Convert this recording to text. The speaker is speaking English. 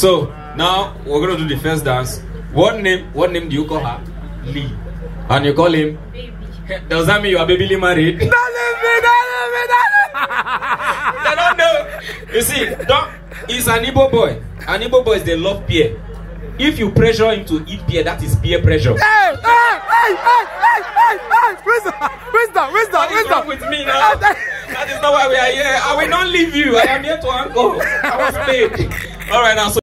So now we're gonna do the first dance. What name? What name do you call her? Lee. And you call him? Baby. Does that mean you are baby Lee married? That is me. That is me. That is. I don't know. You see, don't. He's an Igbo boy. An Igbo is they love beer. If you pressure him to eat beer, that is peer pressure. Hey, hey, hey, hey, hey, hey, hey, wisdom, wisdom, wisdom, what wisdom. with me now? that is not why we are here. I will not leave you. I am here to uncle. I was paid. All right, now. So